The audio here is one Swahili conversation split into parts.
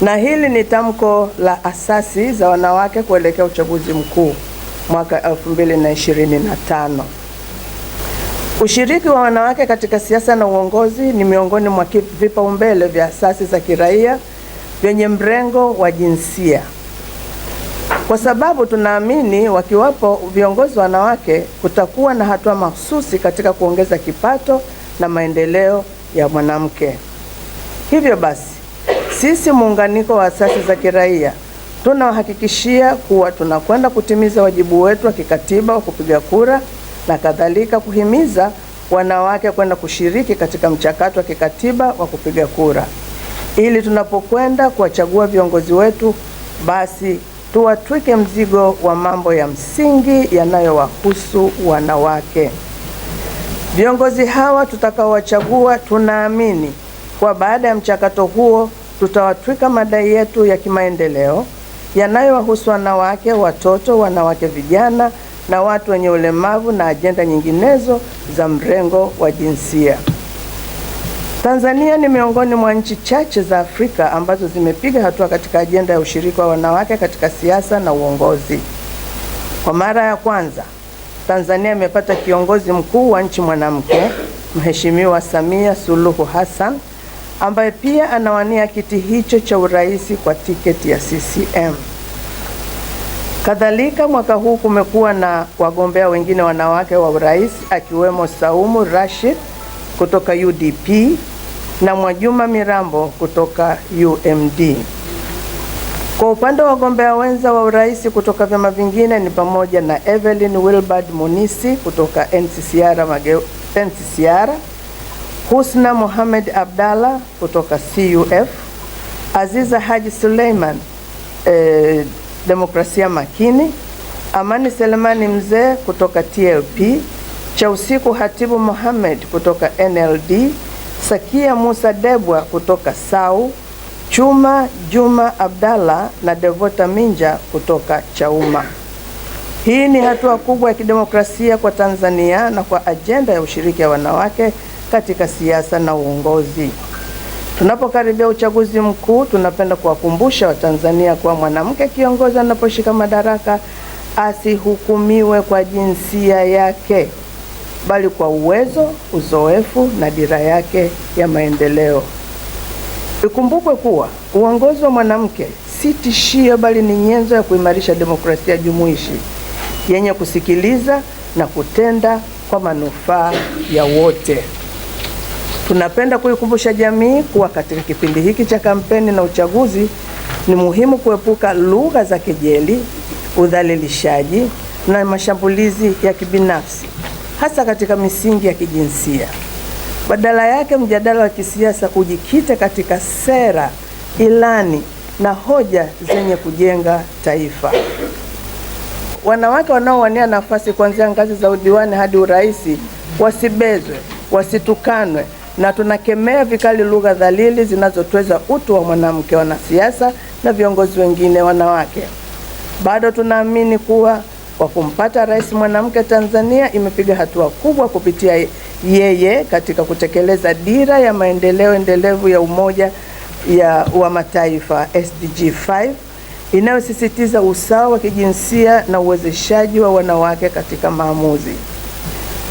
na hili ni tamko la asasi za wanawake kuelekea uchaguzi mkuu mwaka 2025. Ushiriki wa wanawake katika siasa na uongozi ni miongoni mwa vipaumbele vya asasi za kiraia vyenye mrengo wa jinsia, kwa sababu tunaamini wakiwapo viongozi wanawake kutakuwa na hatua mahususi katika kuongeza kipato na maendeleo ya mwanamke. Hivyo basi sisi muunganiko wa asasi za kiraia tunawahakikishia kuwa tunakwenda kutimiza wajibu wetu wa kikatiba wa kupiga kura na kadhalika, kuhimiza wanawake kwenda kushiriki katika mchakato wa kikatiba wa kupiga kura, ili tunapokwenda kuwachagua viongozi wetu, basi tuwatwike mzigo wa mambo ya msingi yanayowahusu wanawake. Viongozi hawa tutakaowachagua, tunaamini kwa baada ya mchakato huo tutawatwika madai yetu ya kimaendeleo yanayowahusu wanawake, watoto, wanawake vijana na watu wenye ulemavu na ajenda nyinginezo za mrengo wa jinsia. Tanzania ni miongoni mwa nchi chache za Afrika ambazo zimepiga hatua katika ajenda ya ushiriki wa wanawake katika siasa na uongozi. Kwa mara ya kwanza, Tanzania imepata kiongozi mkuu wa nchi mwanamke, Mheshimiwa Samia Suluhu Hassan ambaye pia anawania kiti hicho cha urais kwa tiketi ya CCM. Kadhalika, mwaka huu kumekuwa na wagombea wengine wanawake wa urais akiwemo Saumu Rashid kutoka UDP na Mwajuma Mirambo kutoka UMD. Kwa upande wa wagombea wenza wa urais kutoka vyama vingine ni pamoja na Evelyn Wilbard Munisi kutoka NCCR, Mageu, NCCR Husna Mohamed Abdalla kutoka CUF, Aziza Haji Suleiman eh, Demokrasia Makini, Amani Selemani Mzee kutoka TLP, Chausiku Hatibu Mohamed kutoka NLD, Sakia Musa Debwa kutoka SAU, Chuma Juma Abdalla na Devota Minja kutoka Chauma. Hii ni hatua kubwa ya kidemokrasia kwa Tanzania na kwa ajenda ya ushiriki wa wanawake katika siasa na uongozi. Tunapokaribia uchaguzi mkuu, tunapenda kuwakumbusha Watanzania kuwa mwanamke kiongozi anaposhika madaraka asihukumiwe kwa jinsia yake, bali kwa uwezo, uzoefu na dira yake ya maendeleo. Ikumbukwe kuwa uongozi wa mwanamke si tishio, bali ni nyenzo ya kuimarisha demokrasia jumuishi yenye kusikiliza na kutenda kwa manufaa ya wote. Tunapenda kuikumbusha jamii kuwa katika kipindi hiki cha kampeni na uchaguzi ni muhimu kuepuka lugha za kejeli, udhalilishaji na mashambulizi ya kibinafsi, hasa katika misingi ya kijinsia. Badala yake, mjadala wa kisiasa ujikite katika sera, ilani na hoja zenye kujenga taifa. Wanawake wanaowania nafasi kuanzia ngazi za udiwani hadi urais wasibezwe, wasitukanwe na tunakemea vikali lugha dhalili zinazotweza utu wa mwanamke, wanasiasa na viongozi wengine wanawake. Bado tunaamini kuwa kwa kumpata rais mwanamke, Tanzania imepiga hatua kubwa kupitia yeye katika kutekeleza dira ya maendeleo endelevu ya Umoja ya wa Mataifa SDG 5 inayosisitiza usawa wa kijinsia na uwezeshaji wa wanawake katika maamuzi.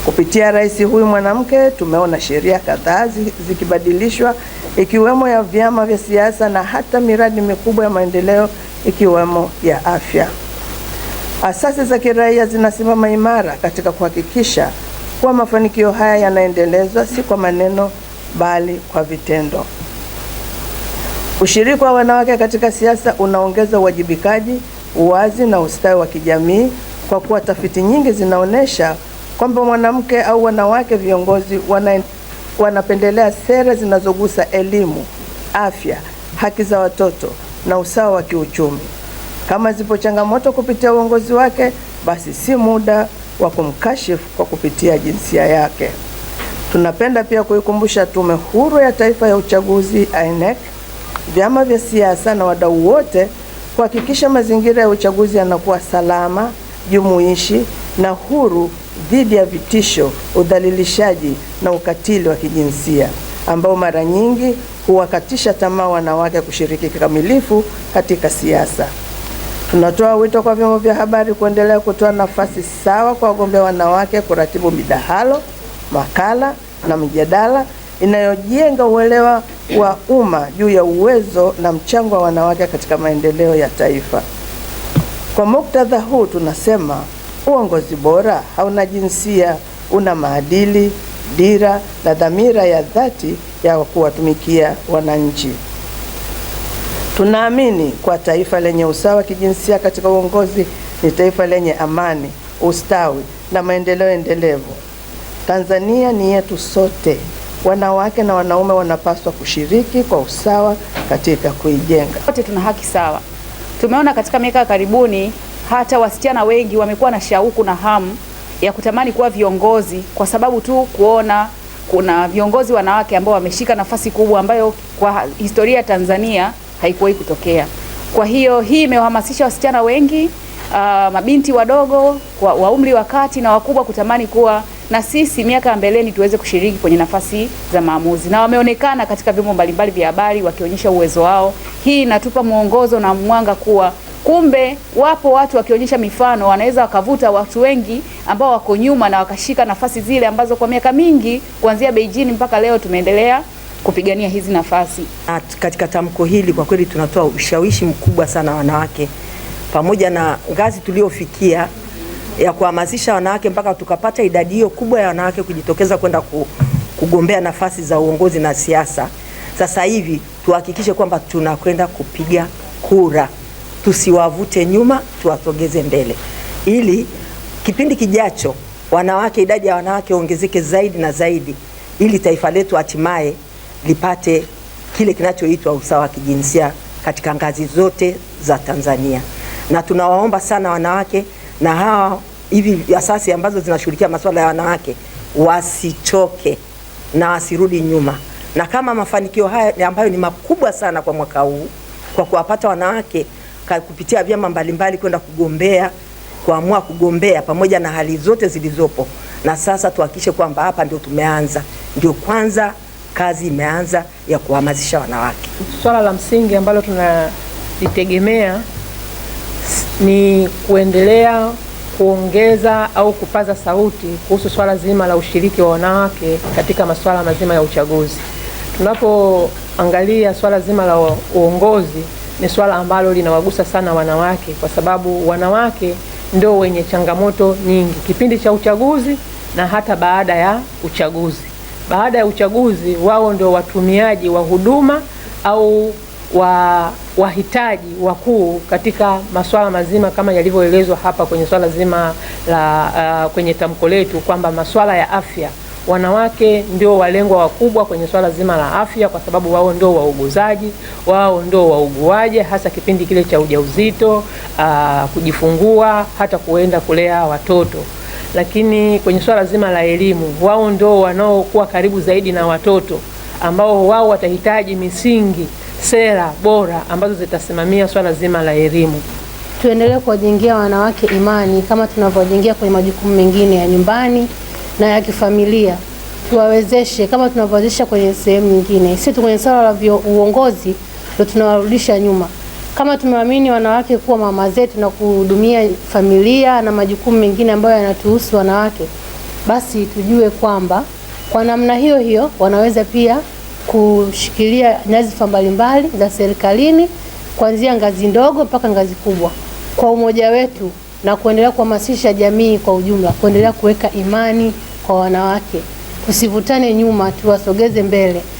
Kupitia rais huyu mwanamke tumeona sheria kadhaa zikibadilishwa ikiwemo ya vyama vya siasa na hata miradi mikubwa ya maendeleo ikiwemo ya afya. Asasi za kiraia zinasimama imara katika kuhakikisha kuwa mafanikio haya yanaendelezwa si kwa maneno bali kwa vitendo. Ushiriki wa wanawake katika siasa unaongeza uwajibikaji, uwazi na ustawi wa kijamii kwa kuwa tafiti nyingi zinaonyesha kwamba mwanamke au wanawake viongozi wana, wanapendelea sera zinazogusa elimu, afya, haki za watoto na usawa wa kiuchumi. Kama zipo changamoto kupitia uongozi wake, basi si muda wa kumkashifu kwa kupitia jinsia yake. Tunapenda pia kuikumbusha Tume Huru ya Taifa ya Uchaguzi INEC, vyama vya siasa na wadau wote kuhakikisha mazingira ya uchaguzi yanakuwa salama, jumuishi na huru dhidi ya vitisho, udhalilishaji na ukatili wa kijinsia ambao mara nyingi huwakatisha tamaa wanawake kushiriki kikamilifu katika siasa. Tunatoa wito kwa vyombo vya habari kuendelea kutoa nafasi sawa kwa wagombea wanawake kuratibu midahalo, makala na mjadala inayojenga uelewa wa umma juu ya uwezo na mchango wa wanawake katika maendeleo ya taifa. Kwa muktadha huu tunasema Uongozi bora hauna jinsia, una maadili, dira na dhamira ya dhati ya kuwatumikia wananchi. Tunaamini kwa taifa lenye usawa kijinsia katika uongozi ni taifa lenye amani, ustawi na maendeleo endelevu. Tanzania ni yetu sote. Wanawake na wanaume wanapaswa kushiriki kwa usawa katika kuijenga. Wote tuna haki sawa. Tumeona katika miaka ya karibuni hata wasichana wengi wamekuwa na shauku na hamu ya kutamani kuwa viongozi kwa sababu tu kuona kuna viongozi wanawake ambao wameshika nafasi kubwa ambayo kwa historia ya Tanzania haikuwahi kutokea. Kwa hiyo hii imewahamasisha wasichana wengi Uh, mabinti wadogo kwa, wa umri wa kati na wakubwa kutamani kuwa na sisi miaka ya mbeleni tuweze kushiriki kwenye nafasi za maamuzi, na wameonekana katika vyombo mbalimbali vya habari wakionyesha uwezo wao. Hii inatupa mwongozo na mwanga kuwa Kumbe wapo watu wakionyesha mifano wanaweza wakavuta watu wengi ambao wako nyuma na wakashika nafasi zile ambazo kwa miaka mingi kuanzia Beijing mpaka leo tumeendelea kupigania hizi nafasi. At, katika tamko hili kwa kweli tunatoa ushawishi mkubwa sana wanawake, pamoja na ngazi tuliofikia ya kuhamasisha wanawake mpaka tukapata idadi hiyo kubwa ya wanawake kujitokeza kwenda kugombea nafasi za uongozi na siasa. Sasa hivi tuhakikishe kwamba tunakwenda kupiga kura tusiwavute nyuma, tuwasogeze mbele, ili kipindi kijacho wanawake, idadi ya wanawake ongezeke zaidi na zaidi, ili taifa letu hatimaye lipate kile kinachoitwa usawa wa kijinsia katika ngazi zote za Tanzania. Na tunawaomba sana wanawake na hawa hivi asasi ambazo zinashughulikia masuala ya wanawake wasichoke na wasirudi nyuma, na kama mafanikio haya ambayo ni makubwa sana kwa mwaka huu kwa kuwapata wanawake kupitia vyama mbalimbali kwenda kugombea kuamua kugombea pamoja na hali zote zilizopo, na sasa tuhakikishe kwamba hapa ndio tumeanza, ndio kwanza kazi imeanza ya kuhamasisha wanawake. Swala la msingi ambalo tunalitegemea ni kuendelea kuongeza au kupaza sauti kuhusu swala zima la ushiriki wa wanawake katika masuala mazima ya uchaguzi. Tunapoangalia swala zima la uongozi ni swala ambalo linawagusa sana wanawake, kwa sababu wanawake ndio wenye changamoto nyingi kipindi cha uchaguzi na hata baada ya uchaguzi. Baada ya uchaguzi, wao ndio watumiaji wa huduma au wa wahitaji wakuu katika masuala mazima kama yalivyoelezwa hapa kwenye swala zima la uh, kwenye tamko letu kwamba masuala ya afya wanawake ndio walengwa wakubwa kwenye swala zima la afya, kwa sababu wao ndio wauguzaji, wao ndio wauguaji, hasa kipindi kile cha ujauzito, ah, kujifungua, hata kuenda kulea watoto. Lakini kwenye swala zima la elimu, wao ndio wanaokuwa karibu zaidi na watoto, ambao wao watahitaji misingi, sera bora ambazo zitasimamia swala zima la elimu. Tuendelee kuwajengea wanawake imani kama tunavyojengia kwenye majukumu mengine ya nyumbani na ya kifamilia, tuwawezeshe kama tunavyowezesha kwenye sehemu nyingine. tu kwenye swala la uongozi ndio tunawarudisha nyuma, kama tumeamini wanawake kuwa mama zetu na kuhudumia familia na majukumu mengine ambayo yanatuhusu wanawake, basi tujue kwamba kwa namna hiyo hiyo wanaweza pia kushikilia nyadhifa mbalimbali za serikalini kuanzia ngazi ndogo mpaka ngazi kubwa, kwa umoja wetu na kuendelea kuhamasisha jamii kwa ujumla, kuendelea kuweka imani kwa wanawake, tusivutane nyuma, tuwasogeze mbele.